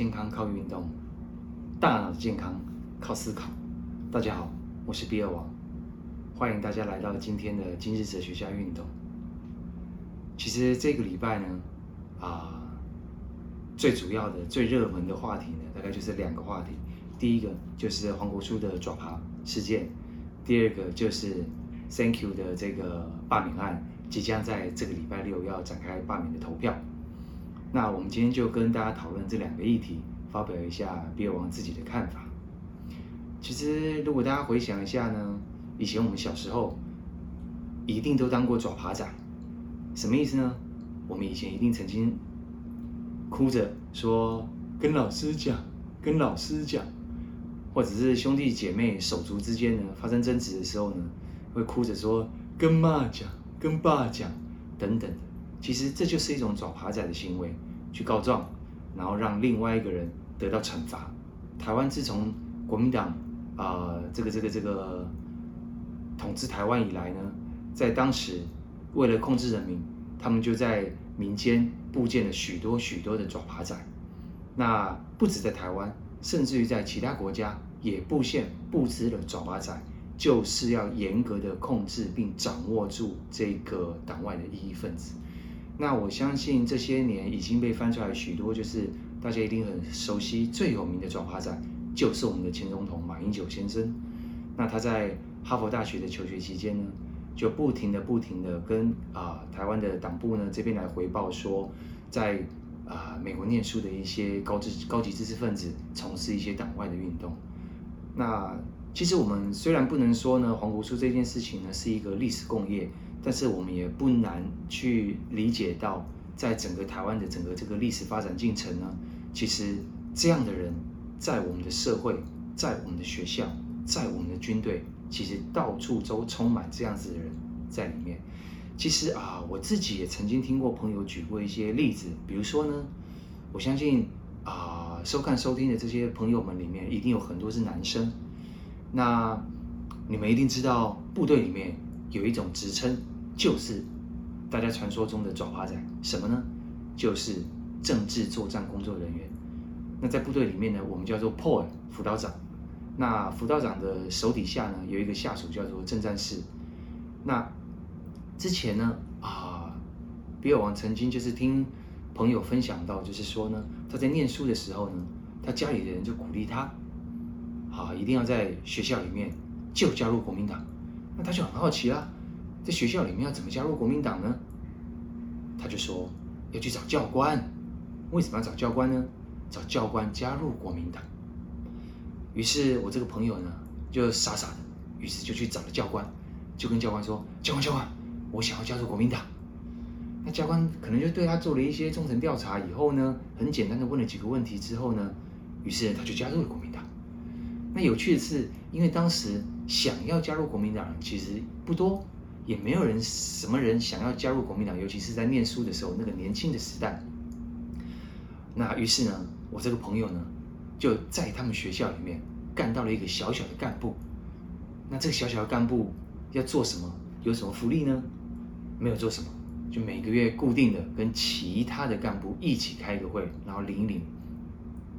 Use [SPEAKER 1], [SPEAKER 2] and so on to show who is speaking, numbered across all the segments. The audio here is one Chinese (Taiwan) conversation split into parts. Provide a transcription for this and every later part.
[SPEAKER 1] 健康靠運動，大腦的健康靠思考。大家好，我是比爾王，歡迎大家來到今天的今日哲學家運動。其實這個禮拜呢，啊，最主要的、最熱門的話題呢，大概就是兩個話題。第一個就是黃國書的爪耙事件，第二個就是 3Q 的這個罷免案，即將在這個禮拜六要展開罷免的投票。那我們今天就跟大家討論這兩個議題，發表一下比爾王自己的看法。其實，如果大家回想一下呢，以前我們小時候一定都當過爪耙仔，什麼意思呢？我們以前一定曾經哭着說跟老師講、跟老師講，或者是兄弟姐妹、手足之間呢發生爭執的時候呢，會哭着說跟媽講、跟爸講等等。其實這就是一種爪耙仔的行為，去告狀，然後讓另外一個人得到懲罰。台灣自從國民黨啊、呃，這個這個這個統治台灣以來呢，在當時為了控制人民，他們就在民間布建了許多許多的爪耙仔。那不止在台灣，甚至於在其他國家也布線布置了爪耙仔，就是要嚴格的控制並掌握住這個黨外的異議分子。那我相信這些年已經被翻出來許多，就是大家一定很熟悉最有名的轉化展，就是我們的前總統馬英九先生。那他在哈佛大學的求學期間呢，就不停的不停的跟啊、呃、台灣的黨部呢這邊來回報說，在啊、呃、美國念書的一些高知高級知識分子從事一些黨外的運動。那其實我們雖然不能說呢黃國書這件事情呢是一個歷史共業。但是我們也不難去理解到，在整個台灣的整個這個歷史發展進程呢，其實這樣的人在我們的社會、在我們的學校、在我們的軍隊，其實到處都充滿這樣子的人在裡面。其實啊，我自己也曾經聽過朋友舉過一些例子，比如說呢，我相信啊，收看收聽的這些朋友們裡面，一定有很多是男生，那你們一定知道部隊裡面。有一種職稱，就是大家傳說中的爪耙仔，什麼呢？就是政治作戰工作人員。那在部隊裡面呢，我們叫做 PO 輔導長。那輔導長的手底下呢，有一個下屬叫做政戰士。那之前呢，啊，比爾王曾經就是聽朋友分享到，就是說呢，他在念書的時候呢，他家裡的人就鼓勵他，啊，一定要在學校裡面就加入國民黨。那他就很好奇啊，在學校裡面要怎麼加入國民黨呢？他就說要去找教官。為什麼要找教官呢？找教官加入國民黨。於是，我這個朋友呢，就傻傻的，於是就去找了教官，就跟教官說：“教官，教官，我想要加入國民黨。”那教官可能就對他做了一些忠誠調查，以後呢，很簡單的問了幾個問題之後呢，於是他就加入了國民黨。那有趣的是，因為當時，想要加入國民黨的人其實不多，也沒有人什麼人想要加入國民黨，尤其是在念書的時候那個年輕的時代。那於是呢，我這個朋友呢，就在他們學校裡面幹到了一個小小的幹部。那這個小小的幹部要做什麼？有什麼福利呢？沒有做什麼，就每個月固定的跟其他的幹部一起開個會，然後領一領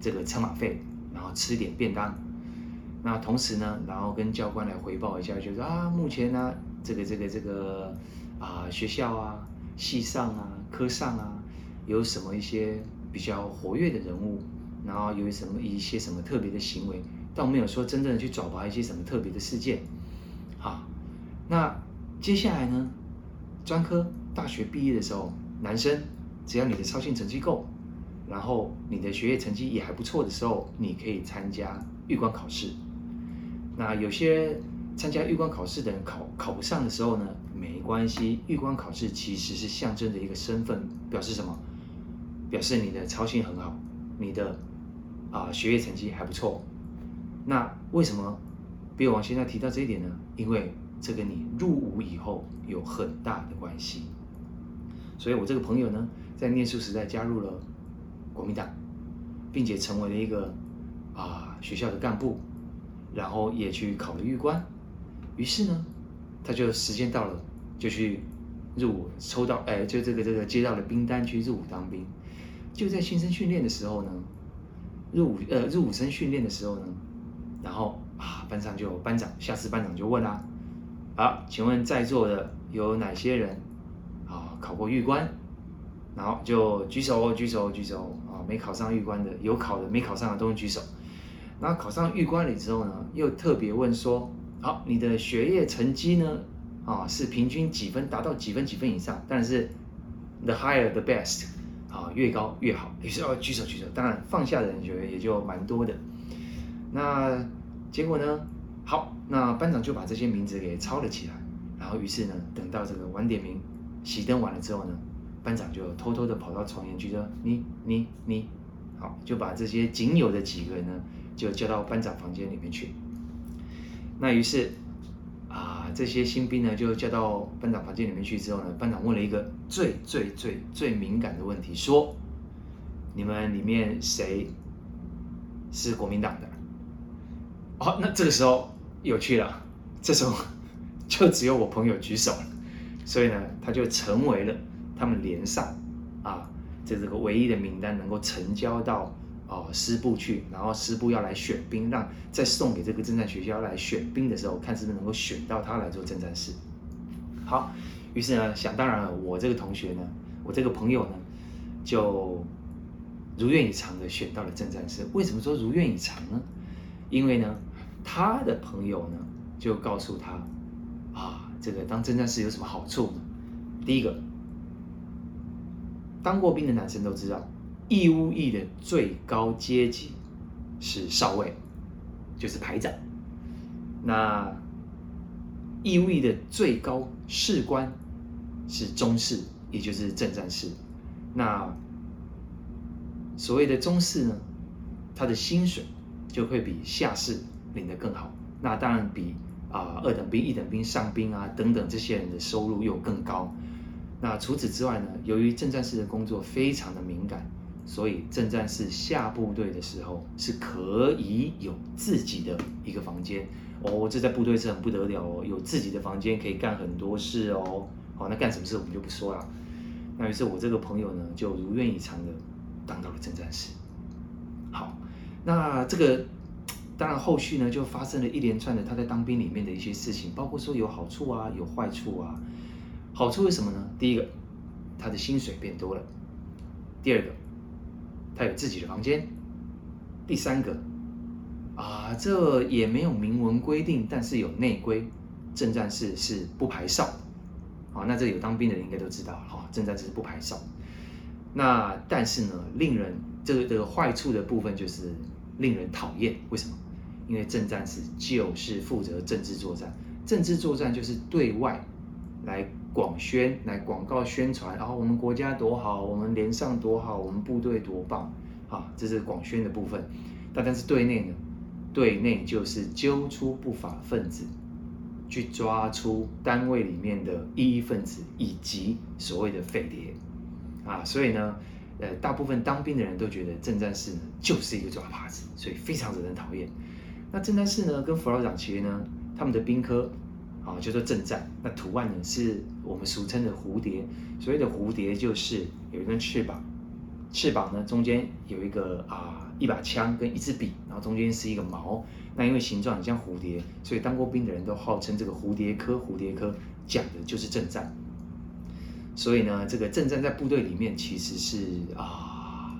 [SPEAKER 1] 這個車馬費，然後吃點便當。那同時呢，然後跟教官來回報一下，就得、是、啊，目前呢、啊，這個這個這個啊，學校啊，系上啊，科上啊，有什麼一些比較活躍的人物，然後有什麼一些什麼特別的行為，但我沒有說真正的去爪耙一些什麼特別的事件，好，那接下來呢，專科大學畢業的時候，男生只要你的操行成績夠，然後你的學業成績也還不錯的時候，你可以參加預官考試。那有些參加預官考試的人考考不上的時候呢，沒關係。預官考試其實是象徵着一個身份，表示什麼？表示你的操行很好，你的啊、呃、學業成績還不錯。那為什麼，比爾王現在提到這一點呢？因為這跟你入伍以後有很大的關係。所以我這個朋友呢，在念書時代加入了國民黨，並且成為了一個啊、呃、學校的幹部。然後也去考了預官，於是呢，他就時間到了，就去入伍，抽到哎，就這個這個接到的兵單去入伍當兵。就在新生訓練的時候呢，入伍呃入伍生訓練的時候呢，然後啊班長就班長，下次班長就問啦、啊，好、啊，請問在座的有哪些人啊考過預官？然後就舉手舉手舉手啊，沒考上預官的，有考的沒考上的都舉手。那考上預官之後呢，又特別問說：“好，你的學業成績呢？啊，是平均幾分？達到幾分幾分以上？當然是 the higher the best，啊，越高越好。”於是哦，舉手舉手，舉手。當然，放下的人就也就蠻多的。那結果呢？好，那班長就把這些名字給抄了起來。然後於是呢，等到這個晚點名熄燈完了之後呢，班長就偷偷的跑到床沿去說：“你你你，好，就把這些僅有的幾個人呢。”就叫到班長房間裡面去。那於是啊，這些新兵呢，就叫到班長房間裡面去之後呢，班長問了一個最最最最敏感的問題，說：“你們裡面誰是國民黨的？”哦，那這個時候有趣了，這時候就只有我朋友舉手了，所以呢，他就成為了他們連上啊，這是個唯一的名單能夠成交到。哦，師部去，然後師部要來選兵，讓在送給這個政戰學校來選兵的時候，看是不是能夠選到他來做政戰士。好，於是呢，想當然了，我這個同學呢，我這個朋友呢，就如願以償的選到了政戰士。為什麼說如願以償呢？因為呢，他的朋友呢就告訴他，啊，這個當政戰士有什麼好處呢？第一個，當過兵的男生都知道。義務役的最高階級是少尉，就是排長。那義務役的最高士官是中士，也就是政戰士。那所謂的中士呢，他的薪水就會比下士領得更好。那當然比啊二等兵、一等兵、上兵啊等等這些人的收入又更高。那除此之外呢，由於政戰士的工作非常的敏感。所以，政戰士下部隊的時候是可以有自己的一個房間哦。這在部隊是很不得了哦，有自己的房間可以幹很多事哦。好，那幹什麼事我們就不說了。那於是，我這個朋友呢，就如願以償的當到了政戰士。好，那這個當然後續呢，就發生了一連串的他在當兵裡面的一些事情，包括說有好處啊，有壞處啊。好處是什麼呢？第一個，他的薪水變多了。第二個。他有自己的房間。第三個，啊，這也沒有明文規定，但是有內規，政戰士是不排哨的。啊，那這有當兵的人應該都知道，哈、啊，政戰士是不排哨。那但是呢，令人這個這個壞處的部分就是令人討厭。為什麼？因為政戰士就是負責政治作戰，政治作戰就是對外來。廣宣來廣告宣傳，然、哦、我們國家多好，我們連上多好，我們部隊多棒，啊，這是廣宣的部分。但，但是對內呢，對內就是揪出不法分子，去抓出單位裡面的異議分子以及所謂的匪諜，啊，所以呢，呃，大部分當兵的人都覺得政戰士呢就是一個抓耙子，所以非常惹人討厭。那政戰士呢，跟弗老長其實呢，他們的兵科啊叫做政戰，那圖案呢是。我們俗稱的蝴蝶，所謂的蝴蝶就是有一根翅膀，翅膀呢中間有一個啊一把槍跟一支筆，然後中間是一個矛。那因為形狀很像蝴蝶，所以當過兵的人都號稱這個蝴蝶科。蝴蝶科講的就是政戰。所以呢，這個政戰在部隊裡面其實是啊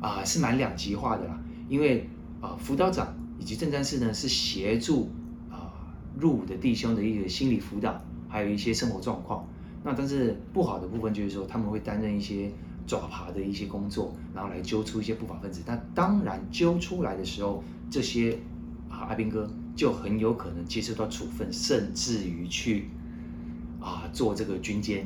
[SPEAKER 1] 啊是蠻兩極化的啦。因為啊輔導長以及政戰士呢是協助啊入伍的弟兄的一個心理輔導。還有一些生活狀況，那但是不好的部分就是說，他們會擔任一些爪耙的一些工作，然後來揪出一些不法分子。但當然揪出來的時候，這些啊阿兵哥就很有可能接受到處分，甚至於去啊做這個軍監。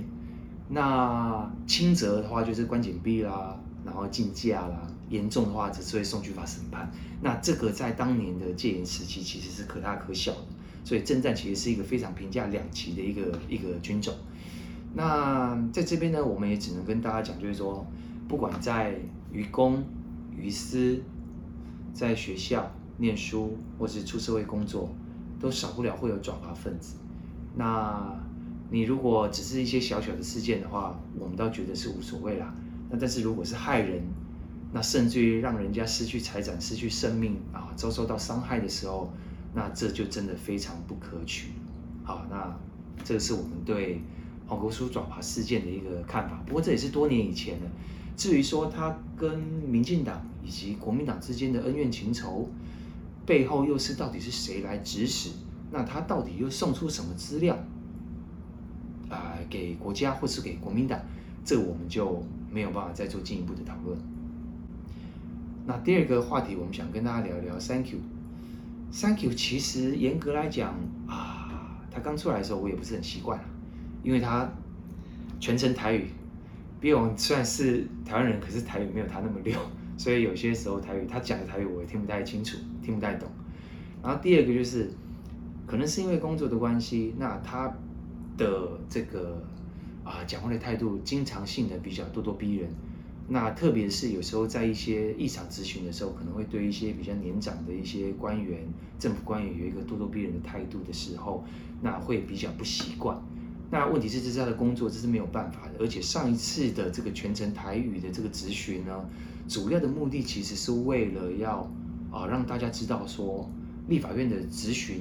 [SPEAKER 1] 那輕則的話就是關禁閉啦，然後禁駕啦、啊；嚴重的話則是會送軍法審判。那這個在當年的戒嚴時期其實是可大可小的。所以，政戰其實是一個非常評價兩極的一個一個軍種。那在這邊呢，我們也只能跟大家講，就是說，不管在於公於私，在學校唸書，或是出社會工作，都少不了會有爪耙仔分子。那你如果只是一些小小的事件的話，我們倒覺得是無所謂啦。那但是如果是害人，那甚至於讓人家失去財產、失去生命啊，遭受到傷害的時候。那這就真的非常不可取，好，那這是我們對黃國書爪耙事件的一個看法。不過這也是多年以前了。至於說他跟民進黨以及國民黨之間的恩怨情仇，背後又是到底是誰來指使？那他到底又送出什麼資料啊、呃？給國家或是給國民黨，這我們就沒有辦法再做進一步的討論。那第二個話題，我們想跟大家聊一聊，3Q。3Q，其實嚴格來講啊，他剛出來的時候我也不是很習慣、啊，因為他全程台語。畢竟我們雖然是台灣人，可是台語沒有他那麼溜，所以有些時候台語他講的台語我也聽不太清楚，聽不太懂。然後第二個就是，可能是因為工作的關係，那他的這個啊、呃、講話的態度經常性的比較咄咄逼人。那特別是有時候在一些議場質詢的時候，可能會對一些比較年長的一些官員、政府官員有一個咄咄逼人的態度的時候，那會比較不習慣。那問題是這是他的工作，這是沒有辦法的。而且上一次的這個全程台語的這個質詢呢，主要的目的其實是為了要啊、呃、讓大家知道說，立法院的質詢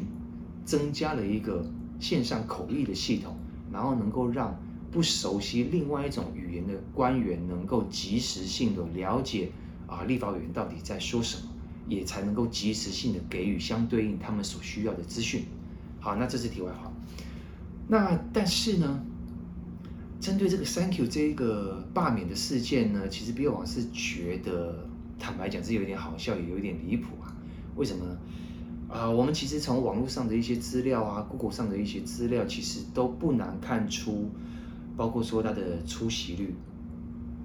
[SPEAKER 1] 增加了一個線上口譯的系統，然後能夠讓。不熟悉另外一種語言的官員，能夠及時性的了解啊，立法委員到底在說什麼，也才能夠及時性的給予相對應他們所需要的資訊。好，那這是題外話。那但是呢，針對這個 3Q 這一個罷免的事件呢，其實 Bill 王是覺得，坦白講是有一點好笑，也有一點離譜啊。為什麼呢？啊、呃，我們其實從網絡上的一些資料啊，Google 上的一些資料，其實都不難看出。包括說他的出席率，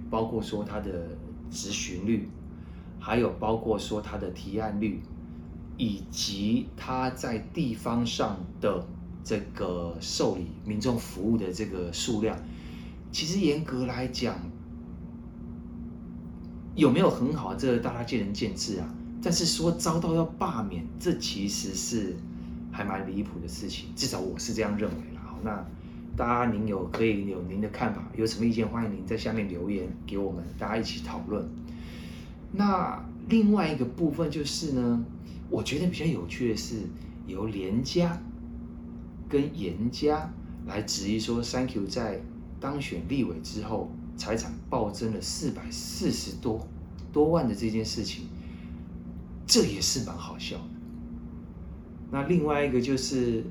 [SPEAKER 1] 包括說他的質詢率，還有包括說他的提案率，以及他在地方上的這個受理民眾服務的這個數量，其實嚴格來講，有沒有很好，這個大家見仁見智啊。但是說遭到要罷免，這其實是還蠻離譜的事情，至少我是這樣認為啦。好，那。大家，您有可以有您的看法，有什麼意見，歡迎您在下面留言給我們，大家一起討論。那另外一個部分就是呢，我覺得比較有趣的是，由連家跟嚴家來質疑說，3Q 在當選立委之後，財產暴增了四百四十多多萬的這件事情，這也是蠻好笑的。那另外一個就是。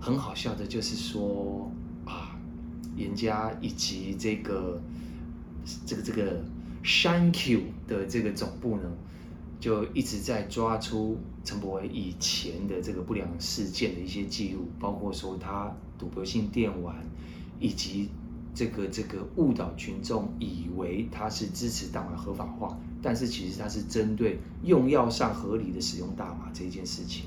[SPEAKER 1] 很好笑的，就是說，啊，人家以及這個這個這個 3Q 的這個總部呢，就一直在抓出陳柏惟以前的這個不良事件的一些記錄，包括說他賭博性電玩，以及這個這個誤導群眾以為他是支持大麻合法化，但是其實他是針對用藥上合理的使用大麻這件事情。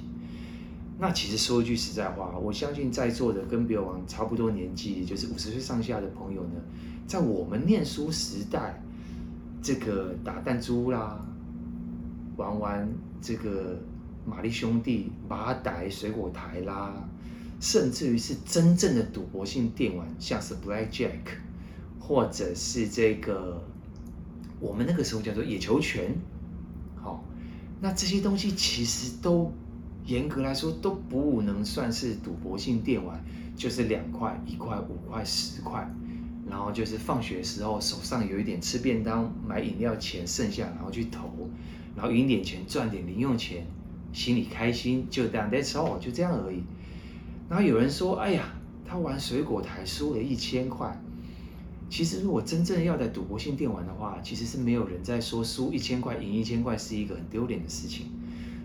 [SPEAKER 1] 那其實說一句實在話，我相信在座的跟比爾王差不多年紀，就是五十歲上下的朋友呢，在我們念書時代，這個打彈珠啦，玩玩這個瑪麗兄弟、麻袋、水果台啦，甚至於是真正的賭博性電玩，像是 Black Jack，或者是這個我們那個時候叫做野球拳，好，那這些東西其實都。嚴格來說，都不不能算是賭博性電玩，就是兩塊、一塊、五塊、十塊，然後就是放學時候手上有一點吃便當、買飲料錢剩下，然後去投，然後贏點錢賺點零用錢，心裡開心就這樣，that's all，就這樣而已。然後有人說：“哎呀，他玩水果台輸了一千塊。”其實，如果真正要在賭博性電玩的話，其實是沒有人在說輸一千塊、贏一千塊是一個很丟臉的事情。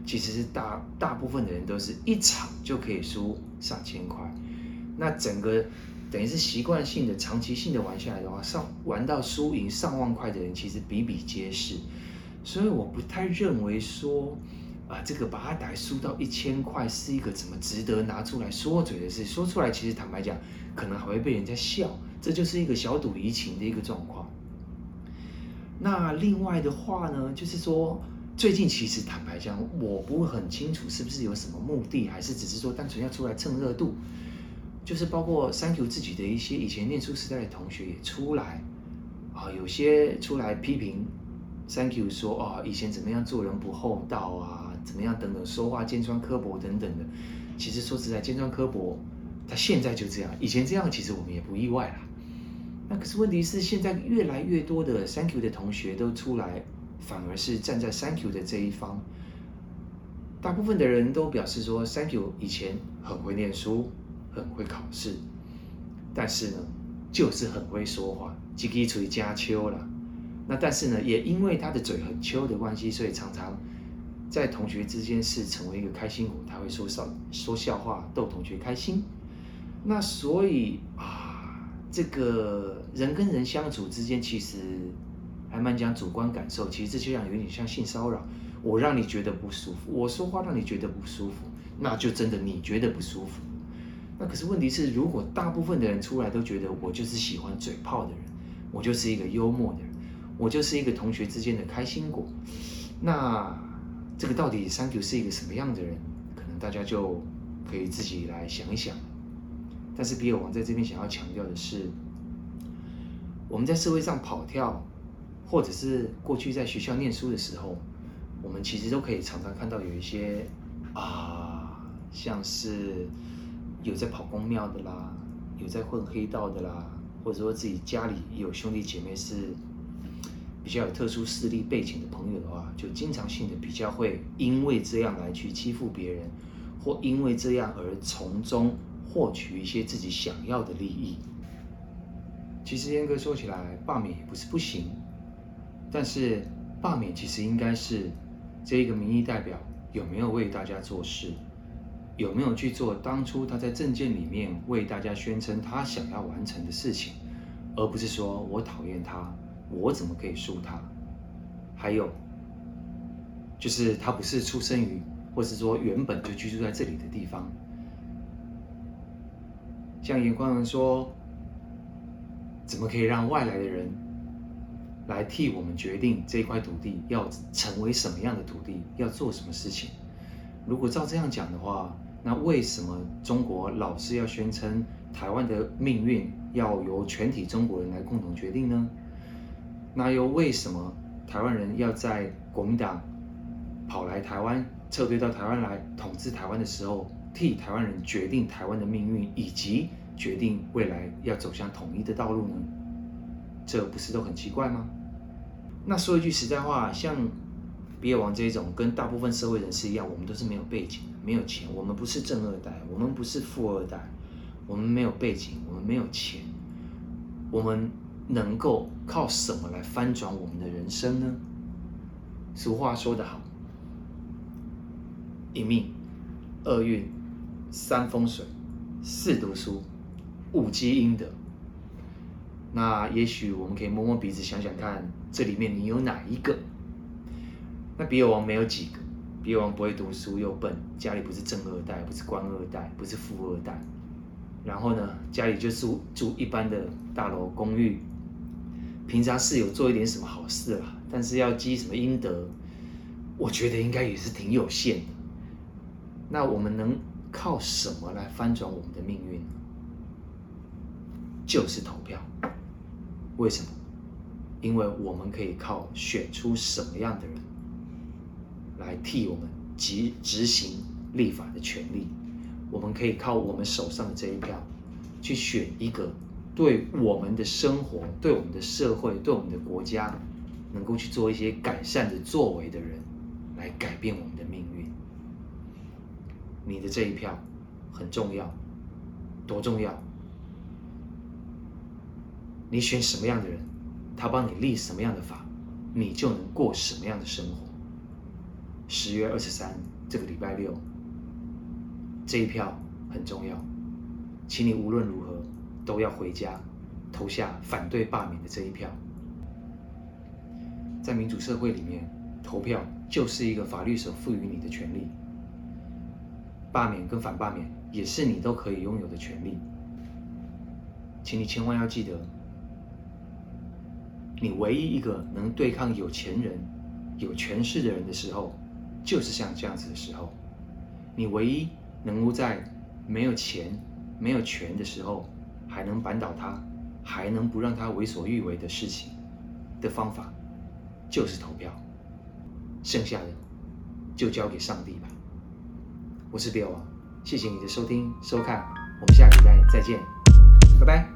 [SPEAKER 1] 其實是大大部分的人都是一場就可以輸上千塊，那整個等於是習慣性的長期性的玩下來的話，上玩到輸贏上萬塊的人其實比比皆是，所以我不太認為說啊這個八百輸到一千塊是一個怎麼值得拿出來說嘴的事，說出來其實坦白講可能還會被人家笑，這就是一個小賭怡情的一個狀況。那另外的話呢，就是說。最近其實，坦白講，我不很清楚是不是有什麼目的，還是只是說單純要出來蹭熱度。就是包括 3Q 自己的一些以前念書時代的同學也出來啊、哦，有些出來批評 3Q 說啊、哦，以前怎麼樣做人不厚道啊，怎麼樣等等，說話尖酸刻薄等等的。其實說實在，尖酸刻薄他現在就這樣，以前這樣其實我們也不意外啦。那可是問題是，現在越來越多的 3Q 的同學都出來。反而是站在 3Q 的這一方。大部分的人都表示說，3Q 以前很會念書，很會考試，但是呢，就是很會說話，謊，雞出去加秋了。那但是呢，也因為他的嘴很秋的關係，所以常常在同學之間是成為一個開心果，他會說笑說笑話逗同學開心。那所以啊，這個人跟人相處之間其實。還蠻講主觀感受，其實這就像有點像性騷擾。我讓你覺得不舒服，我說話讓你覺得不舒服，那就真的你覺得不舒服。那可是問題是，如果大部分的人出來都覺得我就是喜歡嘴炮的人，我就是一個幽默的人，我就是一個同學之間的開心果，那這個到底 3Q 是一個什麼樣的人？可能大家就可以自己來想一想。但是比爾王在這邊想要強調的是，我們在社會上跑跳。或者是過去在學校念書的時候，我們其實都可以常常看到有一些啊，像是有在跑宮廟的啦，有在混黑道的啦，或者說自己家裡有兄弟姐妹是比較有特殊勢力背景的朋友的話，就經常性的比較會因為這樣來去欺負別人，或因為這樣而從中獲取一些自己想要的利益。其實嚴格說起來，罷免也不是不行。但是罷免其實應該是這一個民意代表有沒有為大家做事，有沒有去做當初他在政見裡面為大家宣稱他想要完成的事情，而不是說我討厭他，我怎麼可以輸他？還有就是他不是出生於或是說原本就居住在這裡的地方，像顏寬恆說，怎麼可以讓外來的人來替我們決定這塊土地要成為什麼樣的土地，要做什麼事情。如果照這樣講的話，那為什麼中國老是要宣稱台灣的命運要由全體中國人來共同決定呢？那又為什麼台灣人要在國民黨跑來台灣，撤退到台灣來統治台灣的時候，替台灣人決定台灣的命運，以及決定未來要走向統一的道路呢？這不是都很奇怪嗎？那說一句實在話，像比爾王這種，跟大部分社會人士一樣，我們都是沒有背景的、沒有錢。我們不是政二代，我們不是富二代，我們沒有背景，我們沒有錢。我們能夠靠什麼來翻轉我們的人生呢？俗話說得好：一命、二運、三風水、四讀書、五積陰德。那也許我們可以摸摸鼻子想想看，這裡面你有哪一個？那比爾王沒有幾個，比爾王不會讀書又笨，家裡不是政二代，不是官二代，不是富二代。然後呢，家裡就住住一般的大樓公寓，平常是有做一點什麼好事啦，但是要積什麼陰德，我覺得應該也是挺有限的。那我們能靠什麼來翻轉我們的命運呢？就是投票。為什麼？因為我們可以靠選出什麼樣的人來替我們執執行立法的權利。我們可以靠我們手上的這一票，去選一個對我們的生活、對我們的社會、對我們的國家，能夠去做一些改善的作為的人，來改變我們的命運。你的這一票很重要，多重要？你選什麼樣的人，他幫你立什麼樣的法，你就能過什麼樣的生活。十月二十三這個禮拜六，這一票很重要，請你無論如何都要回家投下反對罷免的這一票。在民主社會裡面，投票就是一個法律所賦予你的權利，罷免跟反罷免也是你都可以擁有的權利，請你千萬要記得。你唯一一個能對抗有錢人、有權勢的人的時候，就是像這樣子的時候。你唯一能夠在沒有錢、沒有權的時候，還能扳倒他，還能不讓他為所欲為的事情的方法，就是投票。剩下的就交給上帝吧。我是比爾王啊，謝謝你的收聽、收看，我們下禮拜再見，拜拜。